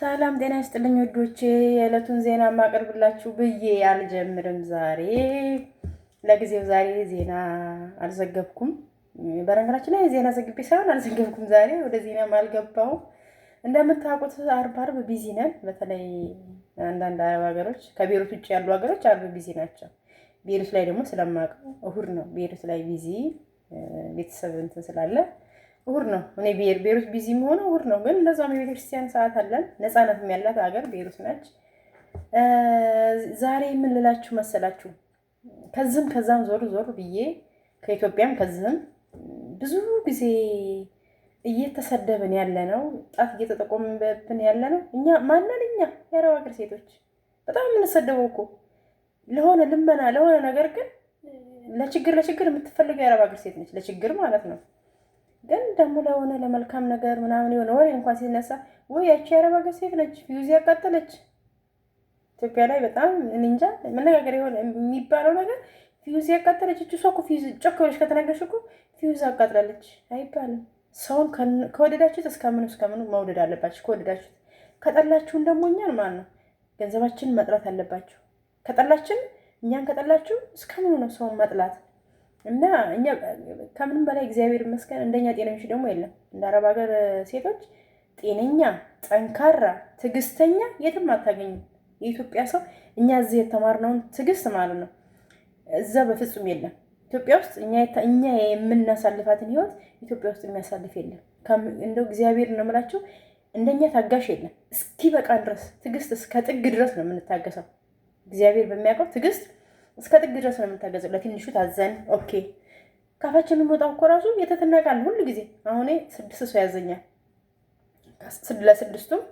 ሰላም ጤና ይስጥልኝ ወዶቼ፣ የዕለቱን ዜና ማቀርብላችሁ ብዬ አልጀምርም። ዛሬ ለጊዜው ዛሬ ዜና አልዘገብኩም። በነገራችን ላይ ዜና ዘግቤ ሳይሆን አልዘገብኩም። ዛሬ ወደ ዜናም አልገባውም። እንደምታውቁት አርብ አርብ ቢዚ ነን። በተለይ አንዳንድ አረብ ሀገሮች ከቤሩት ውጭ ያሉ ሀገሮች አርብ ቢዚ ናቸው። ቤሩት ላይ ደግሞ ስለማውቀው እሁድ ነው። ቤሩት ላይ ቢዚ ቤተሰብ እንትን ስላለ ውር ነው። እኔ ቤሩት ቢዚ መሆኑ ውር ነው፣ ግን እንደዛም የቤተክርስቲያን ሰዓት አለን። ነፃነትም ያላት ሀገር ቤሩት ነች። ዛሬ ምን ልላችሁ መሰላችሁ? ከዚህም ከዛም ዞር ዞር ብዬ ከኢትዮጵያም ከዚህም ብዙ ጊዜ እየተሰደብን ያለ ነው፣ ጣት እየተጠቆምበብን ያለ ነው። እኛ ማንን እኛ የአረብ ሀገር ሴቶች በጣም የምንሰደበው እኮ ለሆነ ልመና ለሆነ ነገር፣ ግን ለችግር ለችግር የምትፈልገው የአረብ ሀገር ሴት ነች፣ ለችግር ማለት ነው። ግን ደግሞ ለሆነ ለመልካም ነገር ምናምን የሆነ ወሬ እንኳን ሲነሳ ወይ ያቺ አረብ ሴት ነች ዩዝ ያቃጠለች ኢትዮጵያ ላይ በጣም እንጃ መነጋገር የሆነ የሚባለው ነገር ፊውዝ ያቃጠለች እች እሷ እኮ ጮክ ብለሽ ከተናገርሽ እኮ ፊውዝ አቃጥላለች አይባልም። ሰውን ከወደዳችሁት እስከምኑ እስከምኑ መውደድ አለባችሁ። ከወደዳችሁት ከጠላችሁን ደግሞ እኛን ማለት ነው ገንዘባችንን መጥላት አለባችሁ። ከጠላችን እኛን ከጠላችሁ እስከምኑ ነው ሰውን መጥላት እና እኛ ከምንም በላይ እግዚአብሔር ይመስገን እንደኛ ጤነኞች ደግሞ የለም። እንደ አረብ ሀገር ሴቶች ጤነኛ፣ ጠንካራ፣ ትዕግስተኛ የትም አታገኝም። የኢትዮጵያ ሰው እኛ እዚህ የተማርነውን ትዕግስት ማለት ነው እዛ በፍጹም የለም። ኢትዮጵያ ውስጥ እኛ የምናሳልፋትን ህይወት ኢትዮጵያ ውስጥ የሚያሳልፍ የለም። እንደው እግዚአብሔር ነው የምላቸው እንደኛ ታጋሽ የለም። እስኪ በቃ ድረስ ትዕግስት እስከ ጥግ ድረስ ነው የምንታገሰው። እግዚአብሔር በሚያውቀው ትዕግስት እስከ ጥግ ድረስ ነው የምታገዘው። ለትንሹ ታዘን ኦኬ። ካፋችን የምንወጣው እኮ ራሱ ሁሉ ጊዜ። አሁን ስድስት ሰው ያዘኛል። ለስድስቱም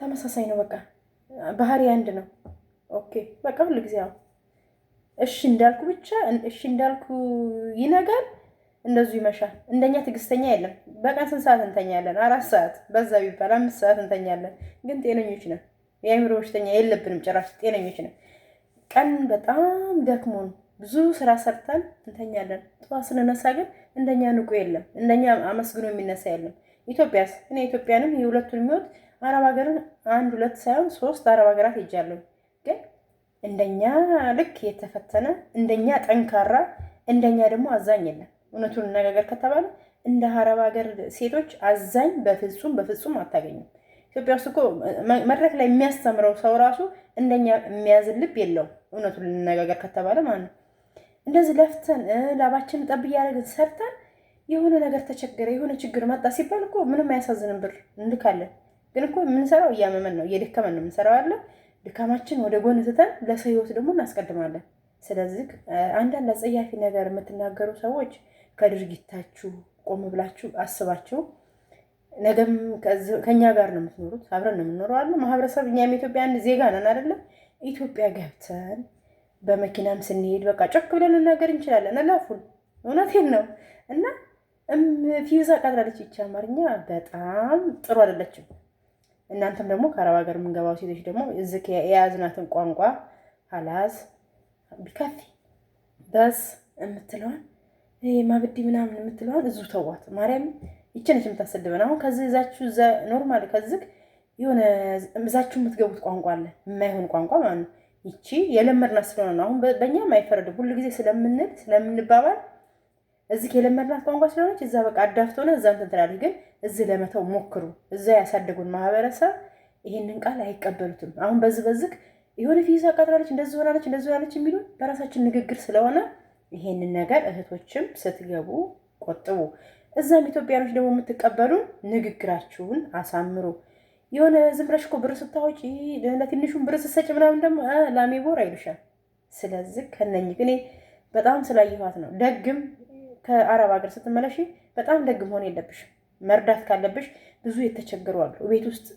ተመሳሳይ ነው። በቃ ባህሪ አንድ ነው። ኦኬ በቃ ሁሉ ጊዜ አሁን እሺ እንዳልኩ ብቻ እሺ እንዳልኩ ይነጋል፣ እንደዚሁ ይመሻል። እንደኛ ትዕግስተኛ የለም። በቀን ስንት ሰዓት እንተኛለን? አራት ሰዓት በዛ ቢባል አምስት ሰዓት እንተኛለን። ግን ጤነኞች ነን። የአእምሮ በሽተኛ የለብንም ጭራሽ ጤነኞች ነን። ቀን በጣም ደክሞን ብዙ ስራ ሰርተን እንተኛለን። ጠዋት ስንነሳ ግን እንደኛ ንቁ የለም፣ እንደኛ አመስግኖ የሚነሳ የለም። ኢትዮጵያስ እኔ ኢትዮጵያንም የሁለቱን የሚወት አረብ ሀገርን አንድ ሁለት ሳይሆን ሶስት አረብ ሀገራት ሄጃለሁ። ግን እንደኛ ልክ የተፈተነ እንደኛ ጠንካራ እንደኛ ደግሞ አዛኝ የለም። እውነቱን እነጋገር ከተባለ እንደ አረብ ሀገር ሴቶች አዛኝ በፍጹም በፍጹም አታገኙም። ኢትዮጵያ ውስጥ እኮ መድረክ ላይ የሚያስተምረው ሰው ራሱ እንደኛ የሚያዝን ልብ የለው እውነቱን ልንነጋገር ከተባለ ማለት ነው። እንደዚህ ለፍተን ላባችን ጠብ እያደረግን ሰርተን የሆነ ነገር ተቸገረ፣ የሆነ ችግር መጣ ሲባል እኮ ምንም አያሳዝንም። ብር እንልካለን፣ ግን እኮ የምንሰራው እያመመን ነው፣ እየደከመን ነው የምንሰራው አለ። ድካማችን ወደ ጎን ትተን ለሰው ህይወት ደግሞ እናስቀድማለን። ስለዚህ አንዳንድ አጸያፊ ነገር የምትናገሩ ሰዎች ከድርጊታችሁ ቆም ብላችሁ አስባችሁ ነገም ከእኛ ጋር ነው የምትኖሩት፣ አብረን ነው የምንኖረው አለ ማህበረሰብ። እኛም ኢትዮጵያ አንድ ዜጋ ነን አይደለም። ኢትዮጵያ ገብተን በመኪናም ስንሄድ በቃ ጮክ ብለን ልናገር እንችላለን። አላፉን እውነቴን ነው። እና ፊዛ ቀጥራለች። ይቻ አማርኛ በጣም ጥሩ አይደለችም። እናንተም ደግሞ ከአረብ ሀገር የምንገባው ሴቶች ደግሞ እዚህ የያዝናትን ቋንቋ ሀላዝ ቢከፊ በስ የምትለዋን ማብዲ ምናምን የምትለዋን እዙ ተዋት ማርያም ይችነች የምታሰድበን። አሁን ከዚህ እዛችሁ እዛ ኖርማል ከዚህ የሆነ እዛችሁ የምትገቡት ቋንቋ አለ፣ የማይሆን ቋንቋ ማለት ነው። ይቺ የለመድናት ስለሆነ ነው። አሁን በእኛ አይፈረድም። ሁሉ ጊዜ ስለምንል ስለምንባባል እዚህ የለመድናት ቋንቋ ስለሆነች እዛ በቃ አዳፍት ሆነ እዛ እንትን ትላለች። ግን እዚህ ለመተው ሞክሩ። እዛ ያሳደጉን ማህበረሰብ ይሄንን ቃል አይቀበሉትም። አሁን በዚህ በዚህ የሆነ ፊዛ አቃጥላለች፣ እንደዚህ ሆናለች፣ እንደዚህ ሆናለች የሚሉ በራሳችን ንግግር ስለሆነ ይሄንን ነገር እህቶችም ስትገቡ ቆጥቡ። እዛም ኢትዮጵያኖች ደግሞ የምትቀበሉ ንግግራችሁን አሳምሩ። የሆነ ዝም ብለሽ እኮ ብር ስታወጪ ለትንሹን ብር ስትሰጪ ምናምን ደግሞ ላሜቦር አይሉሻል። ስለዚህ ከነኝ ግን በጣም ስላየኋት ነው። ደግም ከአረብ ሀገር ስትመለሽ በጣም ደግ መሆን የለብሽ። መርዳት ካለብሽ ብዙ የተቸገሩ አሉ። ቤት ውስጥ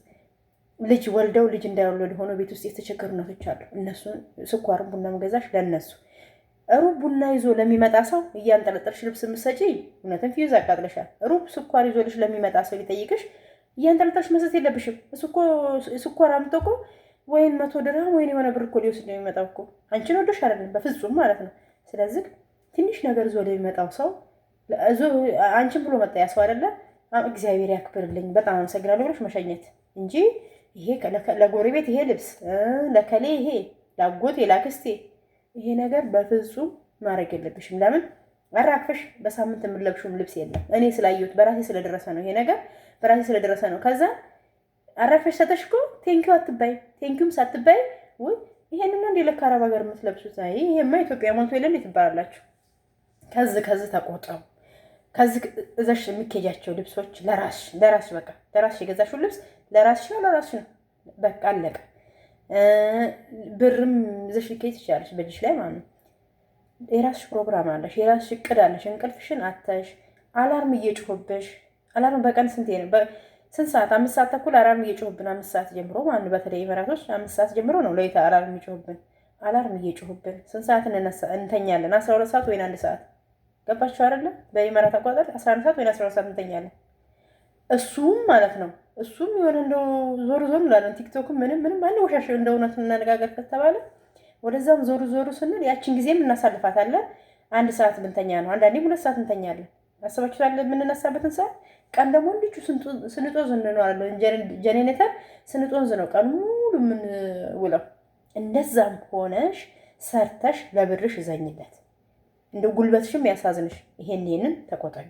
ልጅ ወልደው ልጅ እንዳይወለድ ሆኖ ቤት ውስጥ የተቸገሩ እናቶች አሉ። እነሱን ስኳርም ቡናም ገዛሽ ለነሱ ሩብ ቡና ይዞ ለሚመጣ ሰው እያንጠለጠልሽ ልብስ የምትሰጪ እውነትን ፊዩዝ አቃጥለሻል። ሩብ ስኳር ይዞልሽ ለሚመጣ ሰው ሊጠይቅሽ እያንጠለጠልሽ መስጠት የለብሽም። ስኳር አምጥቶ እኮ መቶ ድርሃም ወይን የሆነ ብር እኮ ሊወስድ ነው የሚመጣው እኮ አንቺን ወዶሽ አይደለም፣ በፍጹም ማለት ነው። ስለዚህ ትንሽ ነገር ይዞ ለሚመጣው ሰው አንቺን ብሎ መጣ ያሰው ሰው እግዚአብሔር ያክብርልኝ በጣም አመሰግናለሁ ብለሽ መሸኘት እንጂ ይሄ ለጎረቤት ይሄ ልብስ ለከሌ ይሄ ላጎቴ ላክስቴ ይሄ ነገር በፍጹም ማድረግ የለብሽም። ለምን አራክፈሽ በሳምንት የምለብሽውም ልብስ የለም። እኔ ስላየሁት በራሴ ስለደረሰ ነው። ይሄ ነገር በራሴ ስለደረሰ ነው። ከዛ አራክፈሽ ሰተሽኮ ቴንኪው አትባይ፣ ቴንኪውም ሳትባይ ውይ ይሄንን እንደ ልክ አረብ ሀገር የምትለብሱት አይ ይሄማ ኢትዮጵያ ሞልቶ የለም ትባላላችሁ። ከዚ ከዚ ተቆጠቡ። ከዚ እዛሽ የሚኬጃቸው ልብሶች ለራስሽ ለራስሽ በቃ ለራስሽ የገዛሽው ልብስ ለራስሽ ነው፣ ለራስሽ ነው። በቃ አለቀ። ብርም ይዘሽ ልኬት ይቻለሽ በእጅሽ ላይ ማለት ነው። የራስሽ ፕሮግራም አለሽ፣ የራስሽ እቅድ አለሽ። እንቅልፍሽን አታሽ አላርም እየጮህብሽ አላርም በቀን ስንቴ ነው? ስንት ሰዓት? አምስት ሰዓት ተኩል አላርም እየጮህብን አምስት ሰዓት ጀምሮ ማለት በተለይ ኢመራቶች አምስት ሰዓት ጀምሮ ነው ለይተ አላርም እየጮህብን አላርም እየጮህብን ስንት ሰዓት እንተኛለን? አስራ ሁለት ሰዓት ወይን አንድ ሰዓት ገባችሁ አይደለም? በኢመራት አቆጣጠር አስራ አንድ ሰዓት ወይን አስራ ሁለት ሰዓት እንተኛለን። እሱም ማለት ነው እሱም የሆነ እንደው ዞር ዞር እንላለን። ቲክቶክም ምንም ምንም ወሻሽ እንደ እውነት እናነጋገር ከተባለ ወደዛም ዞሩ ዞሩ ስንል ያችን ጊዜም እናሳልፋታለን። አንድ ሰዓት ብንተኛ ነው፣ አንዳንዴም ሁለት ሰዓት እንተኛለን። አስባችኋል? የምንነሳበትን ሰዓት ቀን ደግሞ እንዲቹ ስንጦዝ እንኖራለን። ጀኔኔተር ስንጦዝ ነው ቀን ሙሉ የምንውለው። እንደዛም ሆነሽ ሰርተሽ ለብርሽ እዘኝለት፣ እንደ ጉልበትሽም ያሳዝንሽ። ይሄን ይሄንን ተቆጠሪ።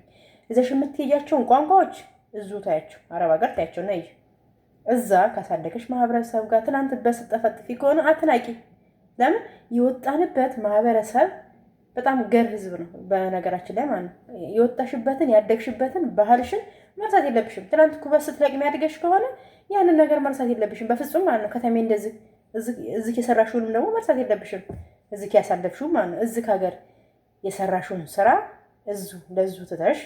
እዘሽ የምትሄጃቸውን ቋንቋዎች እዙ ታያቸው አረብ ሀገር ታያቸው ነይ እዛ ካሳደገች ማህበረሰብ ጋር ትናንት በስጠፈጥፊ ከሆነ አትናቂ። ለምን የወጣንበት ማህበረሰብ በጣም ገር ህዝብ ነው፣ በነገራችን ላይ ማለት ነው። የወጣሽበትን ያደግሽበትን ባህልሽን መርሳት የለብሽም። ትናንት ኩበት ስትለቅሚ የሚያድገሽ ከሆነ ያንን ነገር መርሳት የለብሽም በፍጹም ማለት ነው። ከተሜ እንደዚህ እዚህ የሰራሽውንም ደግሞ መርሳት የለብሽም። እዚህ ያሳለፍሽው ማለት ነው። እዚህ ሀገር የሰራሽውን ስራ እዙ ለዙ ትተሽ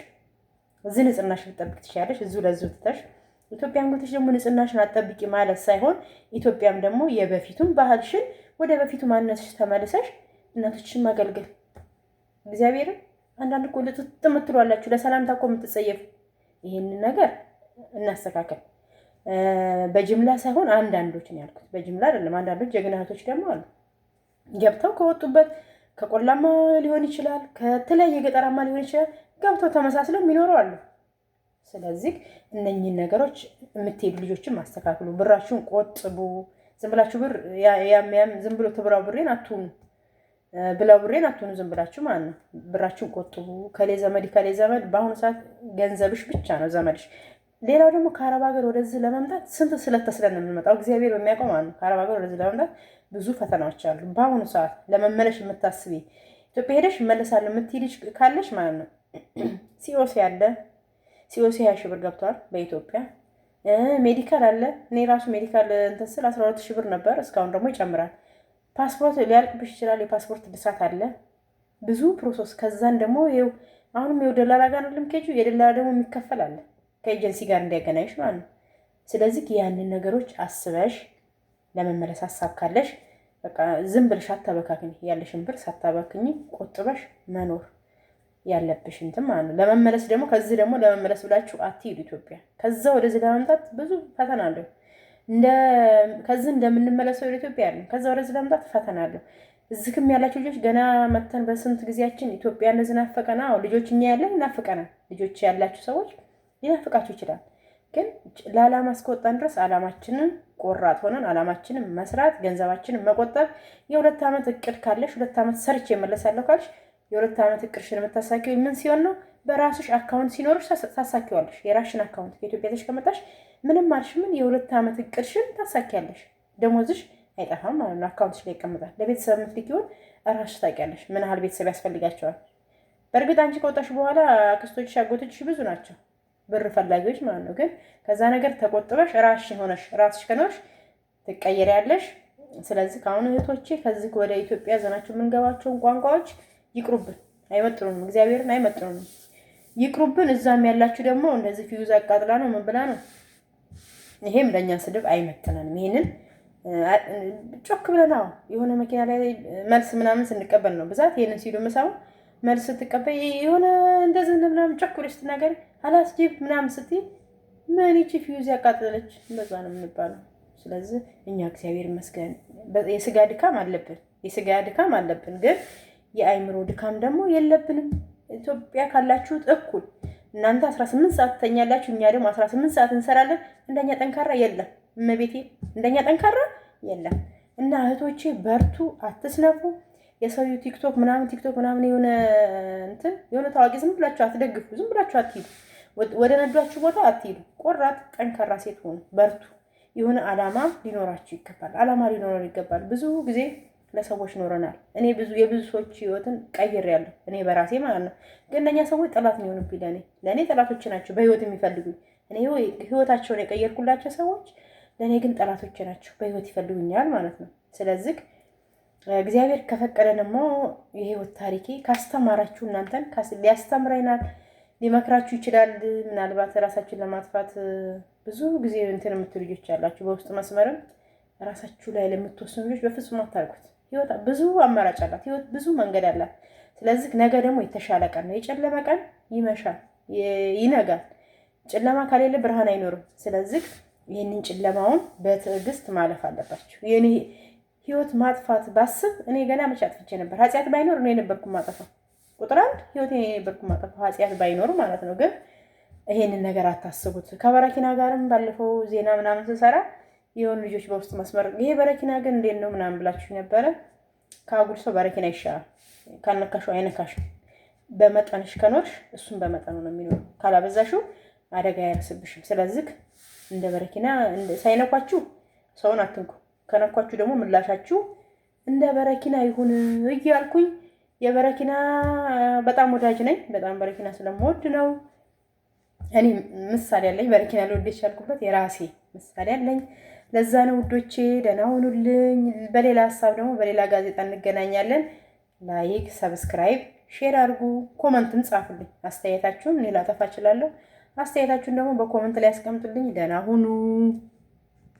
እዚህ ንጽህናሽን ልጠብቅ ትችላለሽ። እዚሁ ለዚሁ ትተሽ ኢትዮጵያን ጎትሽ ደግሞ ንጽህናሽን አጠብቂ ማለት ሳይሆን ኢትዮጵያም ደግሞ የበፊቱን ባህልሽን ወደ በፊቱ ማንነትሽ ተመልሰሽ እናቶችን ማገልገል እግዚአብሔርን አንዳንድ እኮ ልትጥ ምትሏላችሁ ለሰላምታ እኮ የምትጸየፉ ይህንን ነገር እናስተካከል። በጅምላ ሳይሆን አንዳንዶች ነው ያልኩት፣ በጅምላ አይደለም። አንዳንዶች ጀግና እህቶች ደግሞ አሉ ገብተው ከወጡበት ከቆላማ ሊሆን ይችላል፣ ከተለያየ ገጠራማ ሊሆን ይችላል። ገብቶ ተመሳስለው የሚኖረው አሉ። ስለዚህ እነኚህን ነገሮች የምትሄዱ ልጆችን ማስተካክሉ፣ ብራችሁን ቆጥቡ። ዝም ብላችሁ ብር ያም ያም ዝም ብሎ ትብራው ብሬን አትሁኑ ብላው ብሬን አትሁኑ። ዝም ብላችሁ ማለት ነው። ብራችሁን ቆጥቡ። ከሌ ዘመድ ከሌ ዘመድ በአሁኑ ሰዓት ገንዘብሽ ብቻ ነው ዘመድሽ። ሌላው ደግሞ ከአረብ ሀገር ወደዚህ ለመምጣት ስንት ስለተስለን የምንመጣው እግዚአብሔር በሚያውቀው ማለት ነው። ከአረብ ሀገር ወደዚህ ለመምጣት ብዙ ፈተናዎች አሉ። በአሁኑ ሰዓት ለመመለሽ የምታስቢ ኢትዮጵያ ሄደሽ እመለሳለሁ የምትሄድሽ ካለሽ ማለት ነው ሲኦሲ አለ። ሲኦሲ ሀያ ሺህ ብር ገብቷል በኢትዮጵያ ሜዲካል አለ። እኔ ራሱ ሜዲካል እንትን ስል አስራ ሺህ ብር ነበር። እስካሁን ደግሞ ይጨምራል። ፓስፖርት ሊያልቅብሽ ይችላል። የፓስፖርት እድሳት አለ። ብዙ ፕሮሰስ። ከዛን ደግሞ ይኸው አሁንም ይኸው ደላላ ጋር ነው ልምኬጁ። የደላላ ደግሞ የሚከፈል አለ ከኤጀንሲ ጋር እንዲያገናኝሽ ማለት ነው። ስለዚህ ያንን ነገሮች አስበሽ ለመመለስ ሀሳብ ካለሽ በቃ ዝም ብለሽ አታበካክኝ። ያለሽን ብር ሳታበክኝ ቆጥበሽ መኖር ያለብሽ እንትን ማለት ነው። ለመመለስ ደግሞ ከዚህ ደግሞ ለመመለስ ብላችሁ አትሂዱ። ኢትዮጵያ። ከዛ ወደዚህ ለመምጣት ብዙ ፈተና አለው። ከዚህ እንደምንመለሰው ወደ ኢትዮጵያ ያለ ከዛ ወደዚህ ለመምጣት ፈተና አለው። እዚህ ክም ያላችሁ ልጆች ገና መተን በስንት ጊዜያችን ኢትዮጵያ እንደዚህ ናፈቀና፣ ልጆች እኛ ያለን ይናፍቀናል። ልጆች ያላችሁ ሰዎች ሊናፍቃችሁ ይችላል። ግን ለዓላማ እስከወጣን ድረስ ዓላማችንን ቆራጥ ሆነን ዓላማችንን መስራት፣ ገንዘባችንን መቆጠብ፣ የሁለት ዓመት እቅድ ካለሽ ሁለት ዓመት ሰርች የመለሳለሁ ካልሽ የሁለት ዓመት እቅድሽን የምታሳኪው ምን ሲሆን ነው? በራስሽ አካውንት ሲኖርሽ ታሳኪዋለሽ። የራሽን አካውንት ከኢትዮጵያ ተሽ ከመጣሽ ምንም አልሽ ምን የሁለት ዓመት እቅድሽን ታሳኪያለሽ። ደሞዝሽ አይጠፋም ማለት ነው፣ አካውንትሽ ላይ ይቀመጣል። ለቤተሰብ የምትልኪውን ራስሽ ታውቂያለሽ፣ ምን ያህል ቤተሰብ ያስፈልጋቸዋል። በእርግጥ አንቺ ከወጣሽ በኋላ አክስቶችሽ፣ አጎቶችሽ ብዙ ናቸው ብር ፈላጊዎች ማለት ነው። ግን ከዛ ነገር ተቆጥበሽ ራስሽን ሆነሽ ራስሽ ከኖርሽ ትቀየሪያለሽ። ስለዚህ ከአሁኑ እህቶቼ ከዚህ ወደ ኢትዮጵያ ዘናቸው የምንገባቸውን ቋንቋዎች ይቅሩብን፣ አይመጥኑንም፣ እግዚአብሔርን አይመጥኑንም፣ ይቅሩብን። እዛም ያላችሁ ደግሞ እንደዚህ ፊውዝ አቃጥላ ነው ምን ብላ ነው። ይሄም ለእኛ ስድብ አይመጥነንም። ይሄንን ጮክ ብለን የሆነ መኪና ላይ መልስ ምናምን ስንቀበል ነው ብዛት ይሄንን ሲሉ ምሳው መልስ ስትቀበል የሆነ እንደዚህ ምናምን ጮክ ብለሽ ስትናገር አላስጅብ ምናምን ስትይ ምን ይቺ ፊውዝ ያቃጥለች እንደዛ ነው የምንባለው። ስለዚህ እኛ እግዚአብሔር ይመስገን የስጋ ድካም አለብን፣ የስጋ ድካም አለብን ግን የአእምሮ ድካም ደግሞ የለብንም። ኢትዮጵያ ካላችሁት እኩል እናንተ 18 ሰዓት ትተኛላችሁ፣ እኛ ደግሞ 18 ሰዓት እንሰራለን። እንደኛ ጠንካራ የለም እመቤቴ፣ እንደኛ ጠንካራ የለም። እና እህቶቼ በርቱ፣ አትስነፉ። የሰው ቲክቶክ ምናምን ቲክቶክ ምናምን የሆነ እንትን የሆነ ታዋቂ ዝም ብላችሁ አትደግፉ፣ ዝም ብላችሁ አትሂዱ፣ ወደ ነዷችሁ ቦታ አትሂዱ። ቆራት ጠንካራ ሴት ሆኑ፣ በርቱ። የሆነ አላማ ሊኖራችሁ ይገባል። አላማ ሊኖረው ይገባል። ብዙ ጊዜ ለሰዎች ኖረናል። እኔ ብዙ የብዙ ሰዎች ህይወትን ያለ እኔ በራሴ ማለት ነው። ግን ለእኛ ሰዎች ጠላት የሚሆኑብኝ ለእኔ ለእኔ ጠላቶች ናቸው በህይወት የሚፈልጉኝ። እኔ ህይወታቸውን የቀየርኩላቸው ሰዎች ለእኔ ግን ጠላቶች ናቸው፣ በህይወት ይፈልጉኛል ማለት ነው። ስለዚህ እግዚአብሔር ከፈቀደ ደግሞ የህይወት ታሪኬ ካስተማራችሁ እናንተን ሊያስተምረናል፣ ሊመክራችሁ ይችላል። ምናልባት ራሳችን ለማጥፋት ብዙ ጊዜ እንትን የምትሉ ልጆች ያላችሁ በውስጥ መስመርም ራሳችሁ ላይ ለምትወስኑ ልጆች በፍጹም አታርጉት። ህይወት ብዙ አማራጭ አላት። ህይወት ብዙ መንገድ አላት። ስለዚህ ነገ ደግሞ የተሻለ ቀን ነው። የጨለመ ቀን ይመሻል፣ ይነጋል። ጨለማ ከሌለ ብርሃን አይኖርም። ስለዚህ ይህንን ጨለማውን በትዕግስት ማለፍ አለባችሁ። የኔ ህይወት ማጥፋት ባስብ እኔ ገና መቼ አጥፍቼ ነበር? ኃጢአት ባይኖር እኔ የነበርኩ ማጠፋው። ቁጥር አንድ ህይወት እኔ ማጠፋው፣ ኃጢአት ባይኖር ማለት ነው። ግን ይሄንን ነገር አታስቡት። ከበረኪና ጋርም ባለፈው ዜና ምናምን ስሰራ የሆኑ ልጆች በውስጥ መስመር ይሄ በረኪና ግን እንዴት ነው ምናምን ብላችሁ ነበረ። ከአጉል ሰው በረኪና ይሻላል። ካልነካሽው አይነካሽም። በመጠንሽ ከኖርሽ እሱም በመጠኑ ነው የሚኖረው። ካላበዛሽው አደጋ አይረስብሽም። ስለዚህ እንደ በረኪና ሳይነኳችሁ ሰውን አትንኩ። ከነኳችሁ ደግሞ ምላሻችሁ እንደ በረኪና ይሁን እያልኩኝ የበረኪና በጣም ወዳጅ ነኝ። በጣም በረኪና ስለምወድ ነው እኔ ምሳሌ አለኝ። በረኪና ልወድ የቻልኩበት የራሴ ምሳሌ አለኝ። ለዛ ነው ውዶቼ፣ ደህና ሁኑልኝ። በሌላ ሀሳብ ደግሞ በሌላ ጋዜጣ እንገናኛለን። ላይክ፣ ሰብስክራይብ፣ ሼር አድርጉ። ኮመንትም ጻፉልኝ። አስተያየታችሁን እኔ ላጠፋ እችላለሁ። አስተያየታችሁን ደግሞ በኮመንት ላይ ያስቀምጡልኝ። ደህና ሁኑ።